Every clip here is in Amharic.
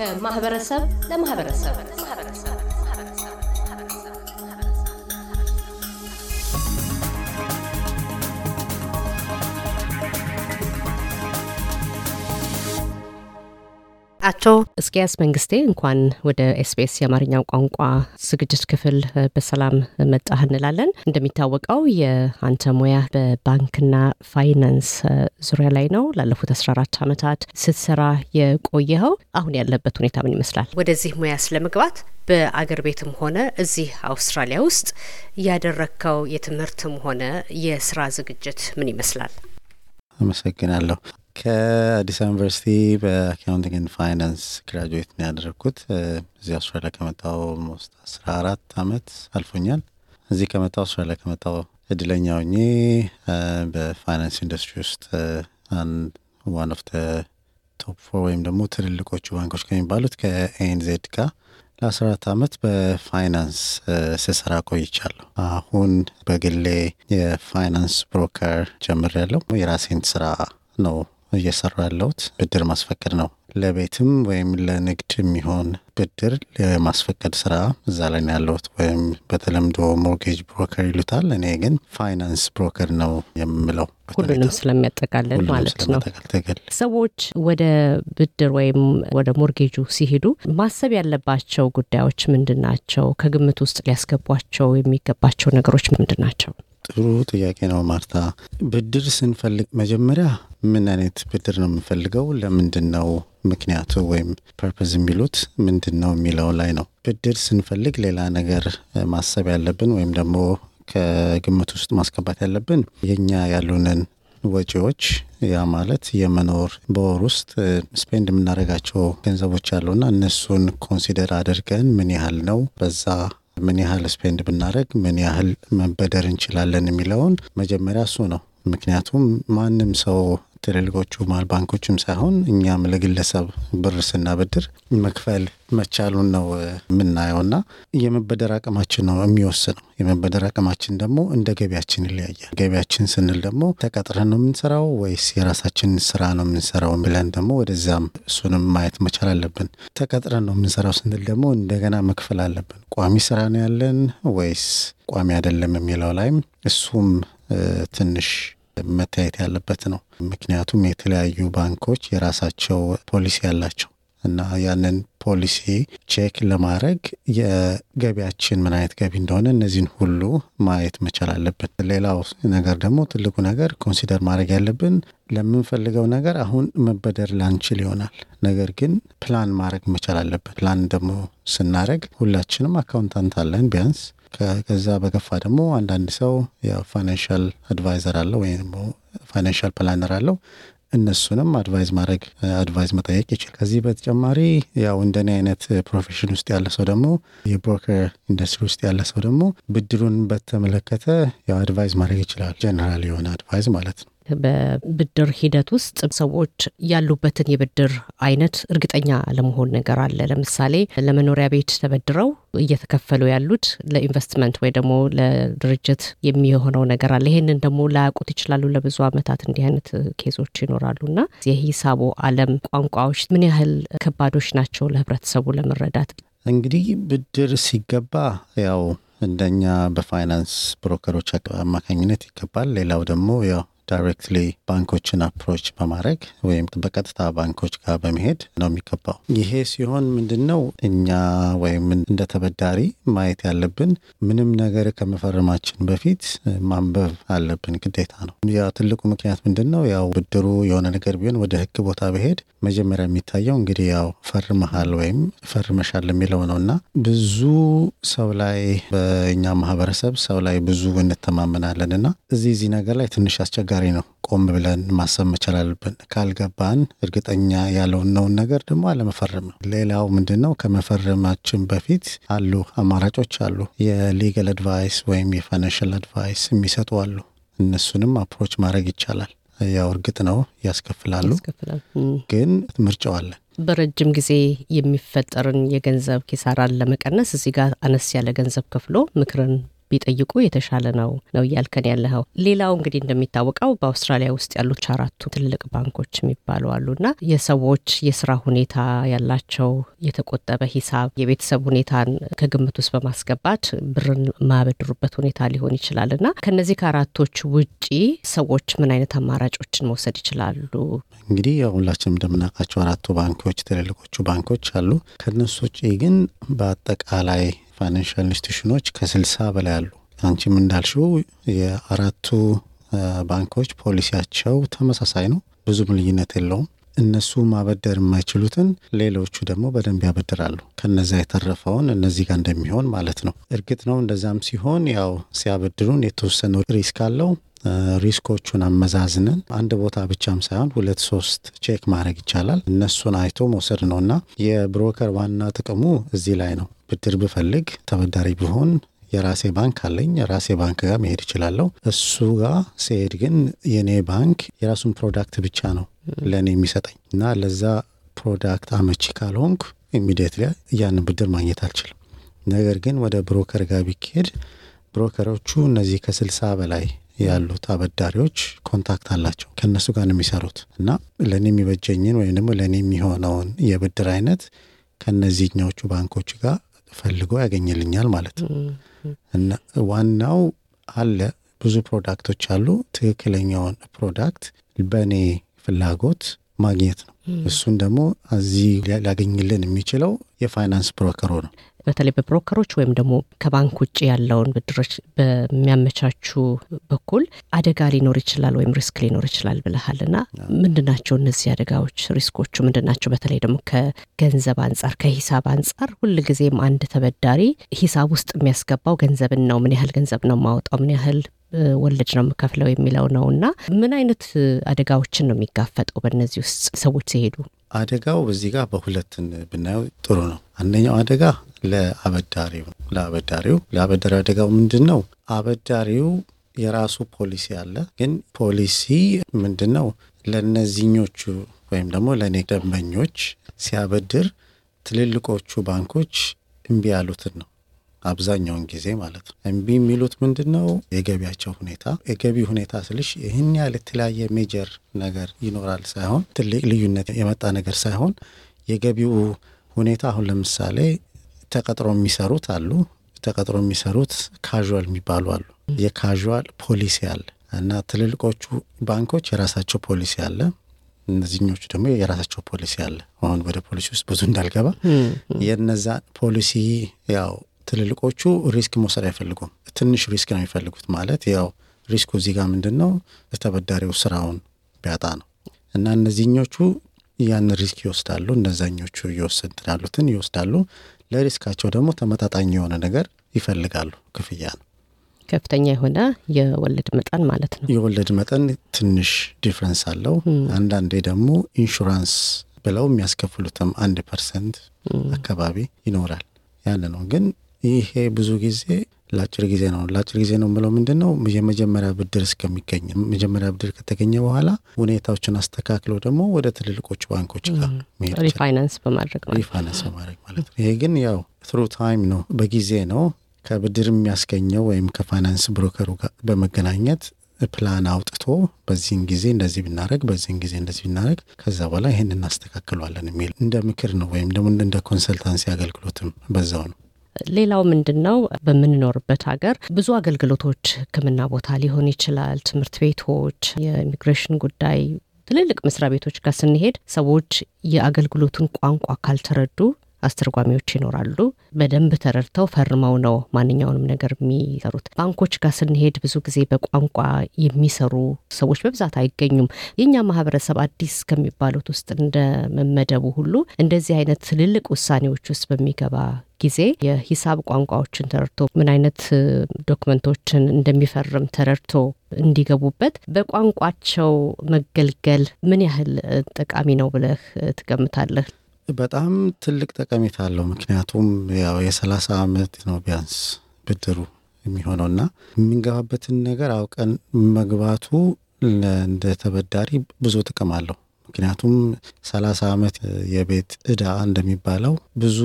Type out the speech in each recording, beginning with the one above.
ከማህበረሰብ ለማህበረሰብ አቶ እስኪያስ መንግስቴ እንኳን ወደ ኤስቢኤስ የአማርኛው ቋንቋ ዝግጅት ክፍል በሰላም መጣህ እንላለን። እንደሚታወቀው የአንተ ሙያ በባንክና ፋይናንስ ዙሪያ ላይ ነው። ላለፉት 14 ዓመታት ስትሰራ የቆየኸው አሁን ያለበት ሁኔታ ምን ይመስላል? ወደዚህ ሙያ ስለመግባት በአገር ቤትም ሆነ እዚህ አውስትራሊያ ውስጥ ያደረግከው የትምህርትም ሆነ የስራ ዝግጅት ምን ይመስላል? አመሰግናለሁ። ከአዲስ አበባ ዩኒቨርሲቲ በአካውንቲንግ ኤንድ ፋይናንስ ግራጁዌት ነው ያደረግኩት። እዚህ አውስትራሊያ ከመጣው ሞስት አስራ አራት አመት አልፎኛል። እዚህ ከመጣው አውስትራሊያ ከመጣው እድለኛ ሆኜ በፋይናንስ ኢንዱስትሪ ውስጥ ዋን ኦፍ ቶፕ ፎር ወይም ደግሞ ትልልቆቹ ባንኮች ከሚባሉት ከኤንዜድ ጋር ለአስራ አራት አመት በፋይናንስ ስሰራ ቆይቻለሁ። አሁን በግሌ የፋይናንስ ብሮከር ጀምሬያለሁ። የራሴን ስራ ነው እየሰራ ያለሁት ብድር ማስፈቀድ ነው። ለቤትም ወይም ለንግድ የሚሆን ብድር የማስፈቀድ ስራ እዛ ላይ ነው ያለሁት። ወይም በተለምዶ ሞርጌጅ ብሮከር ይሉታል። እኔ ግን ፋይናንስ ብሮከር ነው የምለው። ሁሉንም ስለሚያጠቃልል ማለት ነው። ሰዎች ወደ ብድር ወይም ወደ ሞርጌጁ ሲሄዱ ማሰብ ያለባቸው ጉዳዮች ምንድን ናቸው? ከግምት ውስጥ ሊያስገቧቸው የሚገባቸው ነገሮች ምንድን ናቸው? ጥሩ ጥያቄ ነው ማርታ። ብድር ስንፈልግ መጀመሪያ ምን አይነት ብድር ነው የምንፈልገው? ለምንድን ነው ምክንያቱ ወይም ፐርፐዝ የሚሉት ምንድን ነው የሚለው ላይ ነው። ብድር ስንፈልግ ሌላ ነገር ማሰብ ያለብን ወይም ደግሞ ከግምት ውስጥ ማስገባት ያለብን የኛ ያሉንን ወጪዎች ያ ማለት የመኖር በወር ውስጥ ስፔንድ የምናደርጋቸው ገንዘቦች አሉና እነሱን ኮንሲደር አድርገን ምን ያህል ነው በዛ ምን ያህል ስፔንድ ብናደረግ ምን ያህል መበደር እንችላለን የሚለውን መጀመሪያ እሱ ነው። ምክንያቱም ማንም ሰው ትልልቆቹ ማል ባንኮችም ሳይሆን እኛም ለግለሰብ ብር ስናበድር መክፈል መቻሉን ነው የምናየውና የመበደር አቅማችን ነው የሚወስነው። የመበደር አቅማችን ደግሞ እንደ ገቢያችን ይለያያል። ገቢያችን ስንል ደግሞ ተቀጥረን ነው የምንሰራው ወይስ የራሳችን ስራ ነው የምንሰራው ብለን ደግሞ ወደዛም እሱንም ማየት መቻል አለብን። ተቀጥረን ነው የምንሰራው ስንል ደግሞ እንደገና መክፈል አለብን። ቋሚ ስራ ነው ያለን ወይስ ቋሚ አይደለም የሚለው ላይም እሱም ትንሽ መታየት ያለበት ነው። ምክንያቱም የተለያዩ ባንኮች የራሳቸው ፖሊሲ ያላቸው እና ያንን ፖሊሲ ቼክ ለማድረግ የገቢያችን ምን አይነት ገቢ እንደሆነ እነዚህን ሁሉ ማየት መቻል አለብን። ሌላው ነገር ደግሞ ትልቁ ነገር ኮንሲደር ማድረግ ያለብን ለምንፈልገው ነገር አሁን መበደር ላንችል ይሆናል። ነገር ግን ፕላን ማድረግ መቻል አለብን። ፕላን ደግሞ ስናደረግ ሁላችንም አካውንታንት አለን ቢያንስ ከዛ በገፋ ደግሞ አንዳንድ ሰው የፋይናንሻል አድቫይዘር አለው ወይም ደግሞ ፋይናንሻል ፕላነር አለው። እነሱንም አድቫይዝ ማድረግ አድቫይዝ መጠየቅ ይችላል። ከዚህ በተጨማሪ ያው እንደኔ አይነት ፕሮፌሽን ውስጥ ያለ ሰው ደግሞ የብሮከር ኢንዱስትሪ ውስጥ ያለ ሰው ደግሞ ብድሩን በተመለከተ ያው አድቫይዝ ማድረግ ይችላል። ጀነራል የሆነ አድቫይዝ ማለት ነው። በብድር ሂደት ውስጥ ሰዎች ያሉበትን የብድር አይነት እርግጠኛ ለመሆን ነገር አለ። ለምሳሌ ለመኖሪያ ቤት ተበድረው እየተከፈሉ ያሉት ለኢንቨስትመንት ወይ ደግሞ ለድርጅት የሚሆነው ነገር አለ። ይህንን ደግሞ ላያውቁት ይችላሉ። ለብዙ ዓመታት እንዲህ አይነት ኬዞች ይኖራሉ እና የሂሳቡ አለም ቋንቋዎች ምን ያህል ከባዶች ናቸው ለህብረተሰቡ ለመረዳት? እንግዲህ ብድር ሲገባ ያው እንደኛ በፋይናንስ ብሮከሮች አማካኝነት ይገባል። ሌላው ደግሞ ያው ዳይሬክትሊ ባንኮችን አፕሮች በማድረግ ወይም በቀጥታ ባንኮች ጋር በመሄድ ነው የሚገባው። ይሄ ሲሆን ምንድን ነው እኛ ወይም እንደ ተበዳሪ ማየት ያለብን ምንም ነገር ከመፈረማችን በፊት ማንበብ አለብን፣ ግዴታ ነው። ያ ትልቁ ምክንያት ምንድን ነው? ያው ብድሩ የሆነ ነገር ቢሆን ወደ ህግ ቦታ በሄድ መጀመሪያ የሚታየው እንግዲህ ያው ፈርመሃል ወይም ፈርመሻል የሚለው ነው እና ብዙ ሰው ላይ በእኛ ማህበረሰብ ሰው ላይ ብዙ እንተማመናለን እና እዚህ እዚህ ነገር ላይ ትንሽ አስቸጋሪ አስቸጋሪ ነው። ቆም ብለን ማሰብ መቻል አለብን። ካልገባን እርግጠኛ ያልሆነውን ነገር ደግሞ አለመፈረም ነው። ሌላው ምንድን ነው? ከመፈረማችን በፊት አሉ አማራጮች አሉ። የሊጋል አድቫይስ ወይም የፋይናንሻል አድቫይስ የሚሰጡ አሉ። እነሱንም አፕሮች ማድረግ ይቻላል። ያው እርግጥ ነው ያስከፍላሉ፣ ግን ምርጫው አለ። በረጅም ጊዜ የሚፈጠርን የገንዘብ ኪሳራን ለመቀነስ እዚህ ጋር አነስ ያለ ገንዘብ ከፍሎ ምክርን ቢጠይቁ የተሻለ ነው ነው እያልከን ያለኸው። ሌላው እንግዲህ እንደሚታወቀው በአውስትራሊያ ውስጥ ያሉት አራቱ ትልልቅ ባንኮች የሚባሉ አሉና የሰዎች የስራ ሁኔታ ያላቸው የተቆጠበ ሂሳብ የቤተሰብ ሁኔታን ከግምት ውስጥ በማስገባት ብርን ማበድሩበት ሁኔታ ሊሆን ይችላል እና ከነዚህ ከአራቶች ውጪ ሰዎች ምን አይነት አማራጮችን መውሰድ ይችላሉ? እንግዲህ ሁላችንም እንደምናውቃቸው አራቱ ባንኮች ትልልቆቹ ባንኮች አሉ። ከነሱ ውጪ ግን በአጠቃላይ ፋይናንሻል ኢንስቲቱሽኖች ከስልሳ በላይ አሉ። አንቺም እንዳልሽው የአራቱ ባንኮች ፖሊሲያቸው ተመሳሳይ ነው፣ ብዙም ልዩነት የለውም። እነሱ ማበደር የማይችሉትን ሌሎቹ ደግሞ በደንብ ያበድራሉ። ከነዛ የተረፈውን እነዚህ ጋር እንደሚሆን ማለት ነው። እርግጥ ነው እንደዚም ሲሆን ያው ሲያበድሩን የተወሰኑ ሪስክ አለው። ሪስኮቹን አመዛዝነን አንድ ቦታ ብቻም ሳይሆን ሁለት ሶስት ቼክ ማድረግ ይቻላል። እነሱን አይቶ መውሰድ ነው እና የብሮከር ዋና ጥቅሙ እዚህ ላይ ነው። ብድር ብፈልግ ተበዳሪ ብሆን የራሴ ባንክ አለኝ። ራሴ ባንክ ጋር መሄድ እችላለሁ። እሱ ጋር ሲሄድ ግን የእኔ ባንክ የራሱን ፕሮዳክት ብቻ ነው ለእኔ የሚሰጠኝ እና ለዛ ፕሮዳክት አመቺ ካልሆንኩ ኢሚዲየት ያንን ብድር ማግኘት አልችልም። ነገር ግን ወደ ብሮከር ጋር ቢካሄድ ብሮከሮቹ እነዚህ ከስልሳ በላይ ያሉት አበዳሪዎች ኮንታክት አላቸው ከእነሱ ጋር ነው የሚሰሩት እና ለእኔ የሚበጀኝን ወይም ደግሞ ለእኔ የሚሆነውን የብድር አይነት ከእነዚህኛዎቹ ባንኮች ጋር ፈልጎ ያገኝልኛል ማለት ነው። እና ዋናው አለ ብዙ ፕሮዳክቶች አሉ። ትክክለኛውን ፕሮዳክት በእኔ ፍላጎት ማግኘት ነው። እሱን ደግሞ እዚህ ሊያገኝልን የሚችለው የፋይናንስ ብሮከሮ ነው። በተለይ በብሮከሮች ወይም ደግሞ ከባንክ ውጭ ያለውን ብድሮች በሚያመቻቹ በኩል አደጋ ሊኖር ይችላል ወይም ሪስክ ሊኖር ይችላል ብልሃል ና ምንድናቸው እነዚህ አደጋዎች ሪስኮቹ ምንድናቸው? በተለይ ደግሞ ከገንዘብ አንጻር ከሂሳብ አንጻር ጊዜም አንድ ተበዳሪ ሂሳብ ውስጥ የሚያስገባው ገንዘብን ነው። ምን ያህል ገንዘብ ነው ማወጣው ምን ያህል ወለድ ነው የምከፍለው የሚለው ነው እና ምን አይነት አደጋዎችን ነው የሚጋፈጠው በእነዚህ ውስጥ ሰዎች ሲሄዱ አደጋው በዚህ ጋር በሁለትን ብናየው ጥሩ ነው። አንደኛው አደጋ ለአበዳሪው ለአበዳሪው ለአበዳሪው አደጋው ምንድን ነው? አበዳሪው የራሱ ፖሊሲ አለ። ግን ፖሊሲ ምንድን ነው? ለእነዚህኞቹ ወይም ደግሞ ለእኔ ደንበኞች ሲያበድር ትልልቆቹ ባንኮች እምቢ ያሉትን ነው አብዛኛውን ጊዜ ማለት ነው። እምቢ የሚሉት ምንድን ነው? የገቢያቸው ሁኔታ። የገቢ ሁኔታ ስልሽ ይህን ያህል የተለያየ ሜጀር ነገር ይኖራል ሳይሆን ትልቅ ልዩነት የመጣ ነገር ሳይሆን የገቢው ሁኔታ አሁን ለምሳሌ ተቀጥሮ የሚሰሩት አሉ። ተቀጥሮ የሚሰሩት ካዥዋል የሚባሉ አሉ። የካዥዋል ፖሊሲ አለ እና ትልልቆቹ ባንኮች የራሳቸው ፖሊሲ አለ። እነዚህኞቹ ደግሞ የራሳቸው ፖሊሲ አለ። አሁን ወደ ፖሊሲ ውስጥ ብዙ እንዳልገባ የነዛ ፖሊሲ ያው ትልልቆቹ ሪስክ መውሰድ አይፈልጉም። ትንሽ ሪስክ ነው የሚፈልጉት። ማለት ያው ሪስኩ እዚህ ጋር ምንድን ነው? ተበዳሪው ስራውን ቢያጣ ነው። እና እነዚህኞቹ ያን ሪስክ ይወስዳሉ፣ እነዛኞቹ እየወሰድ ያሉትን ይወስዳሉ። ለሪስካቸው ደግሞ ተመጣጣኝ የሆነ ነገር ይፈልጋሉ። ክፍያ ነው ከፍተኛ የሆነ የወለድ መጠን ማለት ነው። የወለድ መጠን ትንሽ ዲፍረንስ አለው። አንዳንዴ ደግሞ ኢንሹራንስ ብለው የሚያስከፍሉትም አንድ ፐርሰንት አካባቢ ይኖራል። ያን ነው ግን ይሄ ብዙ ጊዜ ለአጭር ጊዜ ነው። ለአጭር ጊዜ ነው የምለው ምንድን ነው የመጀመሪያ ብድር እስከሚገኝ መጀመሪያ ብድር ከተገኘ በኋላ ሁኔታዎችን አስተካክሎ ደግሞ ወደ ትልልቆቹ ባንኮች ጋር ሪፋይናንስ በማድረግ ሪፋይናንስ በማድረግ ማለት ነው። ይሄ ግን ያው ትሩ ታይም ነው፣ በጊዜ ነው ከብድር የሚያስገኘው ወይም ከፋይናንስ ብሮከሩ ጋር በመገናኘት ፕላን አውጥቶ በዚህን ጊዜ እንደዚህ ብናደረግ በዚህን ጊዜ እንደዚህ ብናደረግ ከዛ በኋላ ይህን እናስተካክሏለን የሚል እንደ ምክር ነው ወይም ደግሞ እንደ ኮንሰልታንሲ አገልግሎትም በዛው ነው። ሌላው ምንድን ነው በምንኖርበት ሀገር ብዙ አገልግሎቶች ሕክምና ቦታ ሊሆን ይችላል፣ ትምህርት ቤቶች፣ የኢሚግሬሽን ጉዳይ ትልልቅ መስሪያ ቤቶች ጋር ስንሄድ ሰዎች የአገልግሎቱን ቋንቋ ካልተረዱ አስተርጓሚዎች ይኖራሉ። በደንብ ተረድተው ፈርመው ነው ማንኛውንም ነገር የሚሰሩት። ባንኮች ጋር ስንሄድ ብዙ ጊዜ በቋንቋ የሚሰሩ ሰዎች በብዛት አይገኙም። የእኛ ማህበረሰብ አዲስ ከሚባሉት ውስጥ እንደ መመደቡ ሁሉ እንደዚህ አይነት ትልልቅ ውሳኔዎች ውስጥ በሚገባ ጊዜ የሂሳብ ቋንቋዎችን ተረድቶ ምን አይነት ዶክመንቶችን እንደሚፈርም ተረድቶ እንዲገቡበት በቋንቋቸው መገልገል ምን ያህል ጠቃሚ ነው ብለህ ትገምታለህ? በጣም ትልቅ ጠቀሜታ አለው። ምክንያቱም ያው የሰላሳ ዓመት ነው ቢያንስ ብድሩ የሚሆነውና የምንገባበትን ነገር አውቀን መግባቱ እንደ ተበዳሪ ብዙ ጥቅም አለው። ምክንያቱም ሰላሳ ዓመት የቤት እዳ እንደሚባለው ብዙ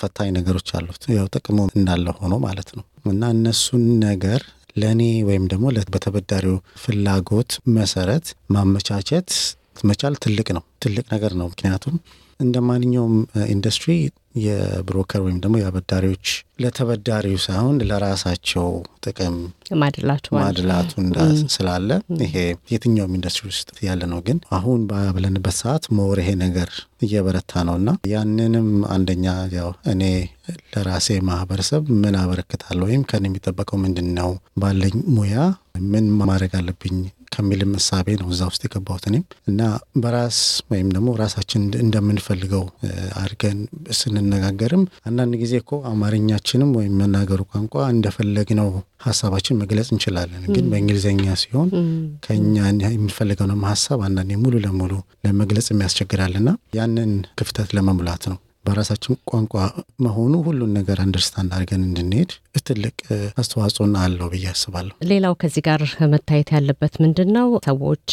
ፈታኝ ነገሮች አሉት። ያው ጥቅሙ እንዳለ ሆኖ ማለት ነው እና እነሱን ነገር ለእኔ ወይም ደግሞ በተበዳሪው ፍላጎት መሰረት ማመቻቸት መቻል ትልቅ ነው፣ ትልቅ ነገር ነው። ምክንያቱም እንደ ማንኛውም ኢንዱስትሪ የብሮከር ወይም ደግሞ የአበዳሪዎች ለተበዳሪው ሳይሆን ለራሳቸው ጥቅም ማድላቱ ስላለ ይሄ የትኛውም ኢንዱስትሪ ውስጥ ያለ ነው። ግን አሁን ባለንበት ሰዓት መወር ይሄ ነገር እየበረታ ነው እና ያንንም አንደኛ ያው እኔ ለራሴ ማህበረሰብ ምን አበረክታለሁ ወይም ከን የሚጠበቀው ምንድን ነው፣ ባለኝ ሙያ ምን ማድረግ አለብኝ ከሚል መሳቤ ነው እዛ ውስጥ የገባሁት እኔም እና በራስ ወይም ደግሞ ራሳችን እንደምንፈልገው አድርገን ስንነጋገርም አንዳንድ ጊዜ እኮ አማርኛችንም ወይም መናገሩ ቋንቋ እንደፈለግነው ሀሳባችን መግለጽ እንችላለን። ግን በእንግሊዝኛ ሲሆን ከኛ የምንፈልገውንም ሀሳብ አንዳንዴ ሙሉ ለሙሉ ለመግለጽ የሚያስቸግራልና ያንን ክፍተት ለመሙላት ነው በራሳችን ቋንቋ መሆኑ ሁሉን ነገር አንደርስታንድ አድርገን እንድንሄድ ትልቅ አስተዋጽኦና አለው ብዬ አስባለሁ። ሌላው ከዚህ ጋር መታየት ያለበት ምንድን ነው ሰዎች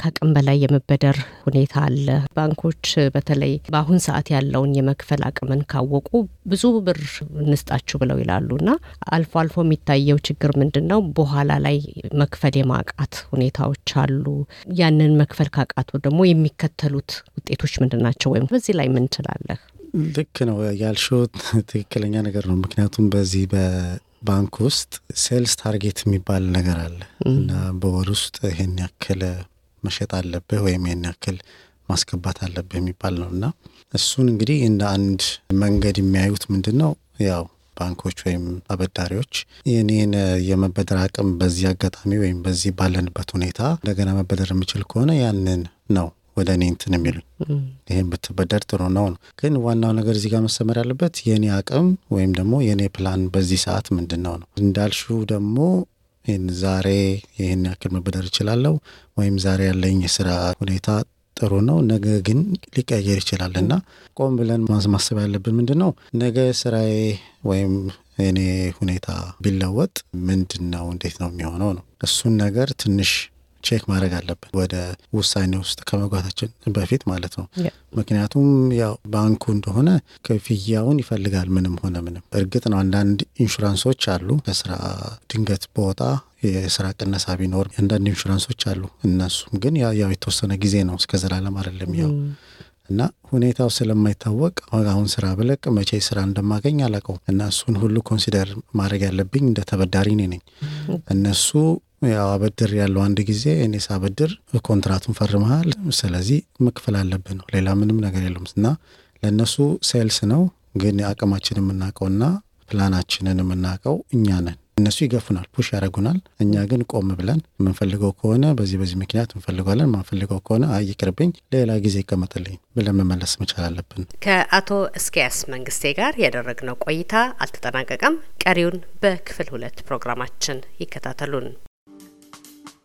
ከአቅም በላይ የመበደር ሁኔታ አለ። ባንኮች በተለይ በአሁን ሰዓት ያለውን የመክፈል አቅምን ካወቁ ብዙ ብር እንስጣችሁ ብለው ይላሉ እና አልፎ አልፎ የሚታየው ችግር ምንድን ነው? በኋላ ላይ መክፈል የማቃት ሁኔታዎች አሉ። ያንን መክፈል ካቃቱ ደግሞ የሚከተሉት ውጤቶች ምንድን ናቸው? ወይም በዚህ ላይ ምን ትላለህ? ልክ ነው ያልሽው፣ ትክክለኛ ነገር ነው። ምክንያቱም በዚህ ባንክ ውስጥ ሴልስ ታርጌት የሚባል ነገር አለ እና በወር ውስጥ ይሄን ያክል መሸጥ አለብህ ወይም ይህን ያክል ማስገባት አለብህ የሚባል ነው እና እሱን እንግዲህ እንደ አንድ መንገድ የሚያዩት ምንድን ነው ያው ባንኮች ወይም አበዳሪዎች የኔን የመበደር አቅም በዚህ አጋጣሚ ወይም በዚህ ባለንበት ሁኔታ እንደገና መበደር የምችል ከሆነ ያንን ነው ወደ እኔ እንትን የሚሉኝ ይህን ብትበደር ጥሩ ነው ነው። ግን ዋናው ነገር እዚህ ጋር መሰመር ያለበት የእኔ አቅም ወይም ደግሞ የእኔ ፕላን በዚህ ሰዓት ምንድን ነው ነው። እንዳልሹ ደግሞ ይህን ዛሬ ይህን ያክል መበደር እችላለሁ ወይም ዛሬ ያለኝ የስራ ሁኔታ ጥሩ ነው፣ ነገ ግን ሊቀየር ይችላል እና ቆም ብለን ማስማሰብ ያለብን ምንድን ነው ነገ ስራዬ ወይም የኔ ሁኔታ ቢለወጥ ምንድን ነው እንዴት ነው የሚሆነው ነው። እሱን ነገር ትንሽ ቼክ ማድረግ አለብን ወደ ውሳኔ ውስጥ ከመግባታችን በፊት ማለት ነው። ምክንያቱም ያው ባንኩ እንደሆነ ክፍያውን ይፈልጋል ምንም ሆነ ምንም። እርግጥ ነው አንዳንድ ኢንሹራንሶች አሉ ከስራ ድንገት በወጣ የስራ ቅነሳ ቢኖር አንዳንድ ኢንሹራንሶች አሉ። እነሱም ግን ያው የተወሰነ ጊዜ ነው እስከ ዘላለም አይደለም ያው mm. እና ሁኔታው ስለማይታወቅ አሁን ስራ ብለቅ መቼ ስራ እንደማገኝ አላውቀውም። እና እሱን ሁሉ ኮንሲደር ማድረግ ያለብኝ እንደ ተበዳሪ እኔ ነኝ። mm. እነሱ ያው አበድር ያለው አንድ ጊዜ እኔ ሳበድር ኮንትራቱን ፈርመሃል፣ ስለዚህ መክፈል አለብህ ነው። ሌላ ምንም ነገር የለም እና ለእነሱ ሴልስ ነው። ግን አቅማችን የምናውቀውና ፕላናችንን የምናውቀው እኛ ነን። እነሱ ይገፉናል፣ ፑሽ ያደረጉናል። እኛ ግን ቆም ብለን የምንፈልገው ከሆነ በዚህ በዚህ ምክንያት እንፈልገዋለን፣ የማንፈልገው ከሆነ አይ ይቅርብኝ፣ ሌላ ጊዜ ይቀመጥልኝ ብለን መመለስ መቻል አለብን። ከአቶ እስኪያስ መንግስቴ ጋር ያደረግነው ቆይታ አልተጠናቀቀም። ቀሪውን በክፍል ሁለት ፕሮግራማችን ይከታተሉን።